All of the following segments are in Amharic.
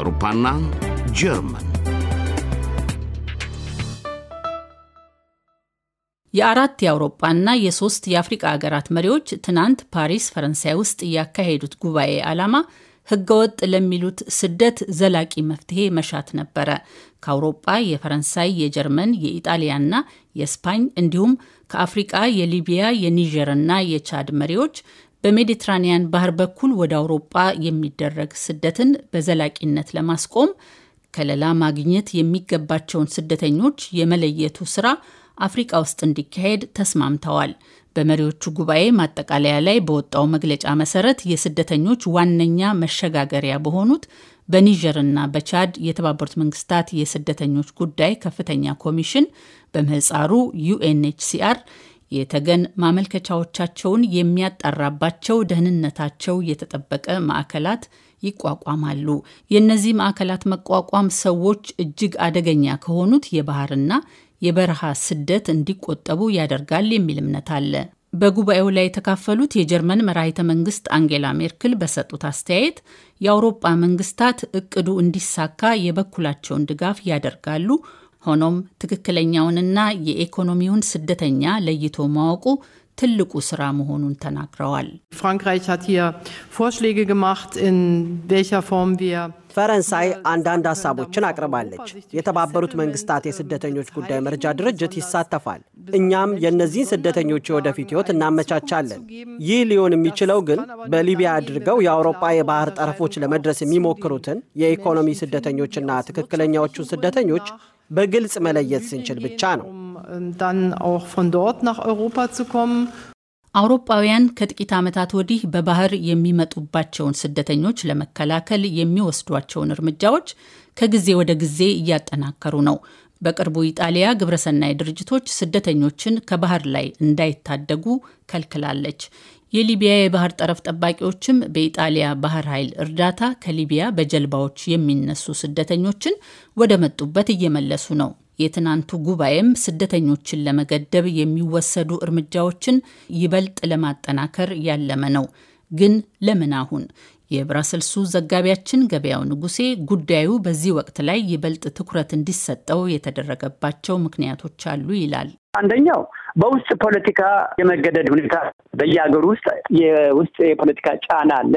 አውሮፓና ጀርመን የአራት የአውሮጳና የሶስት የአፍሪቃ ሀገራት መሪዎች ትናንት ፓሪስ ፈረንሳይ ውስጥ ያካሄዱት ጉባኤ ዓላማ ህገወጥ ለሚሉት ስደት ዘላቂ መፍትሄ መሻት ነበረ። ከአውሮጳ የፈረንሳይ፣ የጀርመን፣ የኢጣሊያና የስፓኝ እንዲሁም ከአፍሪቃ የሊቢያ፣ የኒጀርና የቻድ መሪዎች በሜዲትራኒያን ባህር በኩል ወደ አውሮጳ የሚደረግ ስደትን በዘላቂነት ለማስቆም ከለላ ማግኘት የሚገባቸውን ስደተኞች የመለየቱ ስራ አፍሪቃ ውስጥ እንዲካሄድ ተስማምተዋል። በመሪዎቹ ጉባኤ ማጠቃለያ ላይ በወጣው መግለጫ መሰረት የስደተኞች ዋነኛ መሸጋገሪያ በሆኑት በኒጀርና በቻድ የተባበሩት መንግስታት የስደተኞች ጉዳይ ከፍተኛ ኮሚሽን በምህፃሩ ዩኤንኤችሲአር የተገን ማመልከቻዎቻቸውን የሚያጣራባቸው ደህንነታቸው የተጠበቀ ማዕከላት ይቋቋማሉ። የእነዚህ ማዕከላት መቋቋም ሰዎች እጅግ አደገኛ ከሆኑት የባህርና የበረሃ ስደት እንዲቆጠቡ ያደርጋል የሚል እምነት አለ። በጉባኤው ላይ የተካፈሉት የጀርመን መራሂተ መንግስት አንጌላ ሜርክል በሰጡት አስተያየት የአውሮጳ መንግስታት እቅዱ እንዲሳካ የበኩላቸውን ድጋፍ ያደርጋሉ ሆኖም ትክክለኛውንና የኢኮኖሚውን ስደተኛ ለይቶ ማወቁ ትልቁ ስራ መሆኑን ተናግረዋል። ፈረንሳይ አንዳንድ ሀሳቦችን አቅርባለች። የተባበሩት መንግስታት የስደተኞች ጉዳይ መርጃ ድርጅት ይሳተፋል። እኛም የእነዚህን ስደተኞች የወደፊት ህይወት እናመቻቻለን። ይህ ሊሆን የሚችለው ግን በሊቢያ አድርገው የአውሮፓ የባህር ጠረፎች ለመድረስ የሚሞክሩትን የኢኮኖሚ ስደተኞችና ትክክለኛዎቹን ስደተኞች በግልጽ መለየት ስንችል ብቻ ነው። አውሮፓውያን ከጥቂት ዓመታት ወዲህ በባህር የሚመጡባቸውን ስደተኞች ለመከላከል የሚወስዷቸውን እርምጃዎች ከጊዜ ወደ ጊዜ እያጠናከሩ ነው። በቅርቡ ኢጣሊያ ግብረሰናይ ድርጅቶች ስደተኞችን ከባህር ላይ እንዳይታደጉ ከልክላለች። የሊቢያ የባህር ጠረፍ ጠባቂዎችም በኢጣሊያ ባህር ኃይል እርዳታ ከሊቢያ በጀልባዎች የሚነሱ ስደተኞችን ወደ መጡበት እየመለሱ ነው። የትናንቱ ጉባኤም ስደተኞችን ለመገደብ የሚወሰዱ እርምጃዎችን ይበልጥ ለማጠናከር ያለመ ነው። ግን ለምን አሁን? የብራሰልሱ ዘጋቢያችን ገበያው ንጉሴ ጉዳዩ በዚህ ወቅት ላይ ይበልጥ ትኩረት እንዲሰጠው የተደረገባቸው ምክንያቶች አሉ ይላል። አንደኛው በውስጥ ፖለቲካ የመገደድ ሁኔታ በየሀገሩ ውስጥ የውስጥ የፖለቲካ ጫና አለ።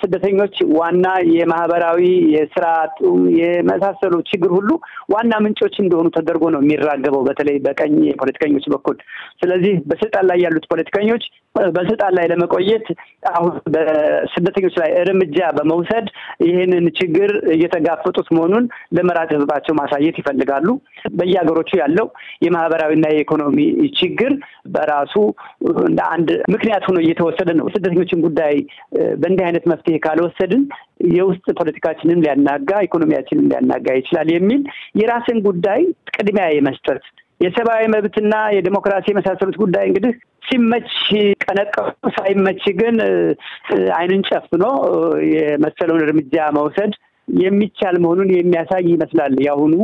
ስደተኞች ዋና የማህበራዊ የስርዓቱ የመሳሰሉ ችግር ሁሉ ዋና ምንጮች እንደሆኑ ተደርጎ ነው የሚራገበው በተለይ በቀኝ የፖለቲከኞች በኩል። ስለዚህ በስልጣን ላይ ያሉት ፖለቲከኞች በስልጣን ላይ ለመቆየት አሁን በስደተኞች ላይ እርምጃ በመውሰድ ይህንን ችግር እየተጋፈጡት መሆኑን ለመራጭ ህዝባቸው ማሳየት ይፈልጋሉ። በየሀገሮቹ ያለው የማህበራዊና የኢኮኖሚ ችግር በራሱ እንደ አንድ ምክንያት ሆኖ እየተወሰደ ነው። ስደተኞችን ጉዳይ በእንዲህ አይነት መፍትሄ ካልወሰድን የውስጥ ፖለቲካችንን ሊያናጋ፣ ኢኮኖሚያችንን ሊያናጋ ይችላል የሚል የራስን ጉዳይ ቅድሚያ የመስጠት የሰብአዊ መብትና የዲሞክራሲ የመሳሰሉት ጉዳይ እንግዲህ ሲመች ቀነቀፉ፣ ሳይመች ግን አይንን ጨፍኖ የመሰለውን እርምጃ መውሰድ የሚቻል መሆኑን የሚያሳይ ይመስላል የአሁኑ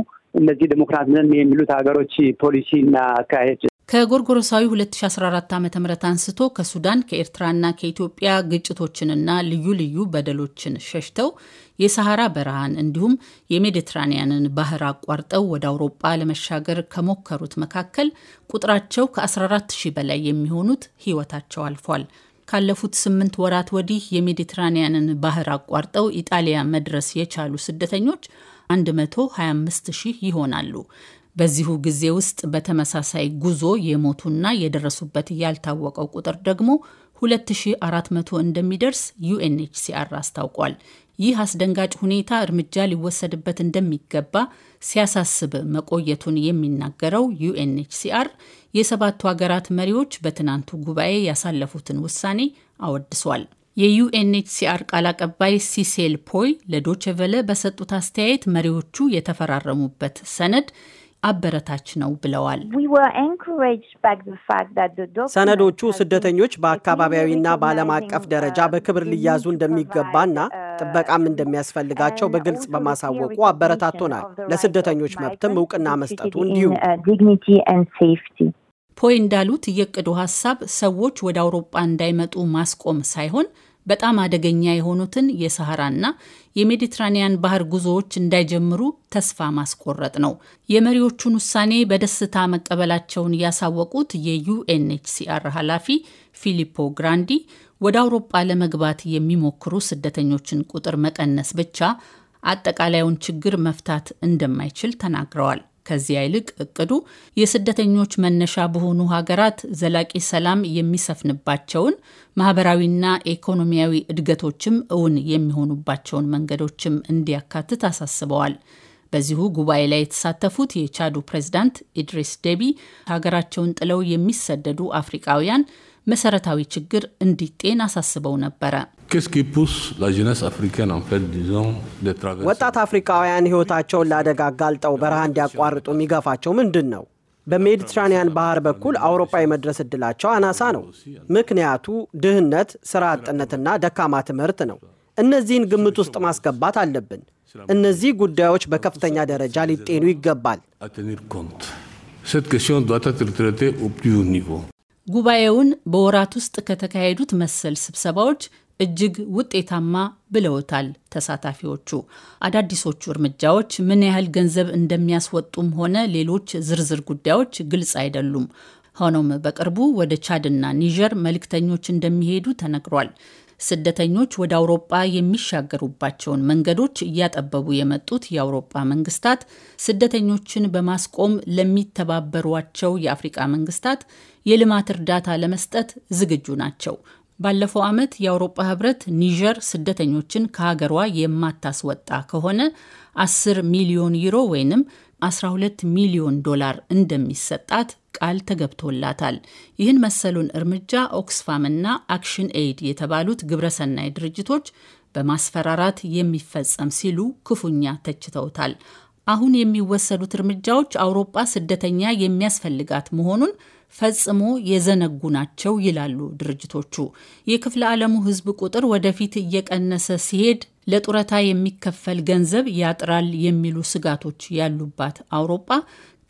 እነዚህ ዲሞክራት ነን የሚሉት ሀገሮች እና አካሄድ ከጎርጎሮሳዊ 2014 ዓ ም አንስቶ ከሱዳን ከኤርትራና ከኢትዮጵያ ግጭቶችንና ልዩ ልዩ በደሎችን ሸሽተው የሰሐራ በረሃን እንዲሁም የሜዲትራኒያንን ባህር አቋርጠው ወደ አውሮጳ ለመሻገር ከሞከሩት መካከል ቁጥራቸው ከ14000 በላይ የሚሆኑት ህይወታቸው አልፏል። ካለፉት ስምንት ወራት ወዲህ የሜዲትራኒያንን ባህር አቋርጠው ኢጣሊያ መድረስ የቻሉ ስደተኞች 125 ሺህ ይሆናሉ። በዚሁ ጊዜ ውስጥ በተመሳሳይ ጉዞ የሞቱና የደረሱበት ያልታወቀው ቁጥር ደግሞ 2400 እንደሚደርስ ዩኤንኤችሲአር አስታውቋል። ይህ አስደንጋጭ ሁኔታ እርምጃ ሊወሰድበት እንደሚገባ ሲያሳስብ መቆየቱን የሚናገረው ዩኤንኤችሲአር የሰባቱ ሀገራት መሪዎች በትናንቱ ጉባኤ ያሳለፉትን ውሳኔ አወድሷል። የዩኤንኤችሲአር ቃል አቀባይ ሲሴል ፖይ ለዶችቨለ በሰጡት አስተያየት መሪዎቹ የተፈራረሙበት ሰነድ አበረታች ነው ብለዋል። ሰነዶቹ ስደተኞች በአካባቢያዊና በዓለም አቀፍ ደረጃ በክብር ሊያዙ እንደሚገባና uh, ጥበቃም እንደሚያስፈልጋቸው በግልጽ በማሳወቁ አበረታቶናል። ለስደተኞች መብትም እውቅና መስጠቱ እንዲሁ uh, ፖይ እንዳሉት የእቅዱ ሀሳብ ሰዎች ወደ አውሮጳ እንዳይመጡ ማስቆም ሳይሆን በጣም አደገኛ የሆኑትን የሰሐራና የሜዲትራኒያን ባህር ጉዞዎች እንዳይጀምሩ ተስፋ ማስቆረጥ ነው። የመሪዎቹን ውሳኔ በደስታ መቀበላቸውን ያሳወቁት የዩኤንኤችሲአር ኃላፊ ፊሊፖ ግራንዲ ወደ አውሮጳ ለመግባት የሚሞክሩ ስደተኞችን ቁጥር መቀነስ ብቻ አጠቃላዩን ችግር መፍታት እንደማይችል ተናግረዋል። ከዚያ ይልቅ እቅዱ የስደተኞች መነሻ በሆኑ ሀገራት ዘላቂ ሰላም የሚሰፍንባቸውን ማህበራዊና ኢኮኖሚያዊ እድገቶችም እውን የሚሆኑባቸውን መንገዶችም እንዲያካትት አሳስበዋል። በዚሁ ጉባኤ ላይ የተሳተፉት የቻዱ ፕሬዝዳንት ኢድሪስ ዴቢ ሀገራቸውን ጥለው የሚሰደዱ አፍሪቃውያን መሰረታዊ ችግር እንዲጤን አሳስበው ነበረ። ወጣት አፍሪካውያን ሕይወታቸውን ለአደጋ ጋልጠው በረሃ እንዲያቋርጡ የሚገፋቸው ምንድን ነው? በሜዲትራኒያን ባህር በኩል አውሮፓ የመድረስ እድላቸው አናሳ ነው። ምክንያቱ ድህነት፣ ስራ አጥነትና ደካማ ትምህርት ነው። እነዚህን ግምት ውስጥ ማስገባት አለብን። እነዚህ ጉዳዮች በከፍተኛ ደረጃ ሊጤኑ ይገባል። ጉባኤውን በወራት ውስጥ ከተካሄዱት መሰል ስብሰባዎች እጅግ ውጤታማ ብለውታል ተሳታፊዎቹ። አዳዲሶቹ እርምጃዎች ምን ያህል ገንዘብ እንደሚያስወጡም ሆነ ሌሎች ዝርዝር ጉዳዮች ግልጽ አይደሉም። ሆኖም በቅርቡ ወደ ቻድና ኒጀር መልእክተኞች እንደሚሄዱ ተነግሯል። ስደተኞች ወደ አውሮጳ የሚሻገሩባቸውን መንገዶች እያጠበቡ የመጡት የአውሮጳ መንግስታት ስደተኞችን በማስቆም ለሚተባበሯቸው የአፍሪቃ መንግስታት የልማት እርዳታ ለመስጠት ዝግጁ ናቸው። ባለፈው ዓመት የአውሮፓ ህብረት ኒጀር ስደተኞችን ከሀገሯ የማታስወጣ ከሆነ 10 ሚሊዮን ዩሮ ወይንም 12 ሚሊዮን ዶላር እንደሚሰጣት ቃል ተገብቶላታል። ይህን መሰሉን እርምጃ ኦክስፋምና አክሽን ኤይድ የተባሉት ግብረሰናይ ድርጅቶች በማስፈራራት የሚፈጸም ሲሉ ክፉኛ ተችተውታል። አሁን የሚወሰዱት እርምጃዎች አውሮጳ ስደተኛ የሚያስፈልጋት መሆኑን ፈጽሞ የዘነጉ ናቸው ይላሉ ድርጅቶቹ። የክፍለ ዓለሙ ሕዝብ ቁጥር ወደፊት እየቀነሰ ሲሄድ ለጡረታ የሚከፈል ገንዘብ ያጥራል የሚሉ ስጋቶች ያሉባት አውሮጳ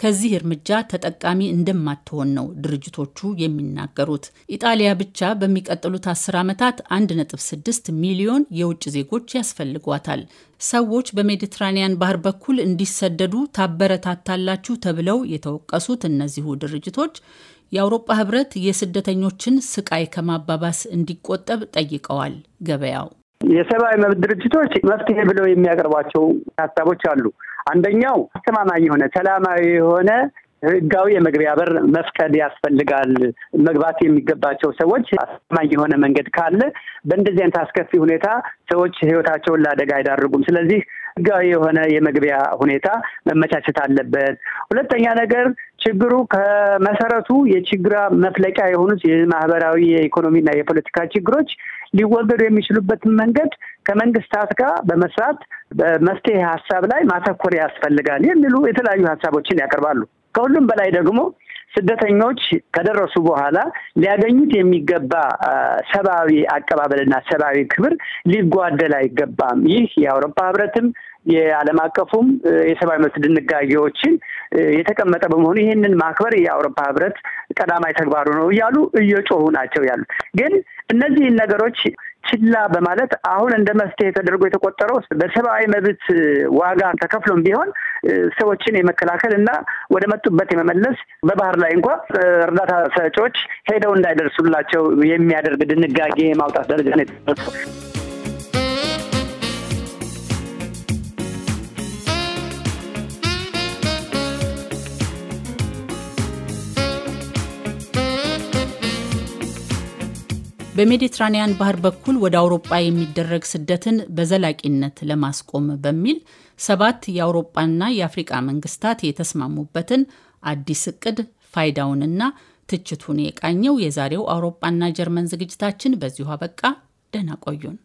ከዚህ እርምጃ ተጠቃሚ እንደማትሆን ነው ድርጅቶቹ የሚናገሩት። ኢጣሊያ ብቻ በሚቀጥሉት አስር ዓመታት 1.6 ሚሊዮን የውጭ ዜጎች ያስፈልጓታል። ሰዎች በሜዲትራኒያን ባህር በኩል እንዲሰደዱ ታበረታታላችሁ ተብለው የተወቀሱት እነዚሁ ድርጅቶች የአውሮፓ ህብረት የስደተኞችን ስቃይ ከማባባስ እንዲቆጠብ ጠይቀዋል። ገበያው የሰብአዊ መብት ድርጅቶች መፍትሄ ብለው የሚያቀርቧቸው ሀሳቦች አሉ። አንደኛው አስተማማኝ የሆነ ሰላማዊ የሆነ ህጋዊ የመግቢያ በር መፍቀድ ያስፈልጋል። መግባት የሚገባቸው ሰዎች አስተማማኝ የሆነ መንገድ ካለ በእንደዚህ አይነት አስከፊ ሁኔታ ሰዎች ህይወታቸውን ለአደጋ አይዳርጉም። ስለዚህ ህጋዊ የሆነ የመግቢያ ሁኔታ መመቻቸት አለበት። ሁለተኛ ነገር ችግሩ ከመሰረቱ የችግራ መፍለቂያ የሆኑት የማህበራዊ የኢኮኖሚና የፖለቲካ ችግሮች ሊወገዱ የሚችሉበትን መንገድ ከመንግስታት ጋር በመስራት በመፍትሄ ሀሳብ ላይ ማተኮር ያስፈልጋል የሚሉ የተለያዩ ሀሳቦችን ያቀርባሉ። ከሁሉም በላይ ደግሞ ስደተኞች ከደረሱ በኋላ ሊያገኙት የሚገባ ሰብአዊ አቀባበልና ሰብአዊ ክብር ሊጓደል አይገባም። ይህ የአውሮፓ ህብረትም የዓለም አቀፉም የሰብአዊ መብት ድንጋጌዎችን የተቀመጠ በመሆኑ ይህንን ማክበር የአውሮፓ ህብረት ቀዳማይ ተግባሩ ነው እያሉ እየጮሁ ናቸው ያሉት። ግን እነዚህን ነገሮች ችላ በማለት አሁን እንደ መፍትሄ ተደርጎ የተቆጠረው በሰብአዊ መብት ዋጋ ተከፍሎም ቢሆን ሰዎችን የመከላከል እና ወደ መጡበት የመመለስ በባህር ላይ እንኳ እርዳታ ሰጪዎች ሄደው እንዳይደርሱላቸው የሚያደርግ ድንጋጌ ማውጣት ደረጃ ነው የተደረሰው። በሜዲትራኒያን ባህር በኩል ወደ አውሮጳ የሚደረግ ስደትን በዘላቂነት ለማስቆም በሚል ሰባት የአውሮጳና የአፍሪቃ መንግስታት የተስማሙበትን አዲስ እቅድ ፋይዳውንና ትችቱን የቃኘው የዛሬው አውሮጳና ጀርመን ዝግጅታችን በዚሁ አበቃ። ደህና ቆዩን።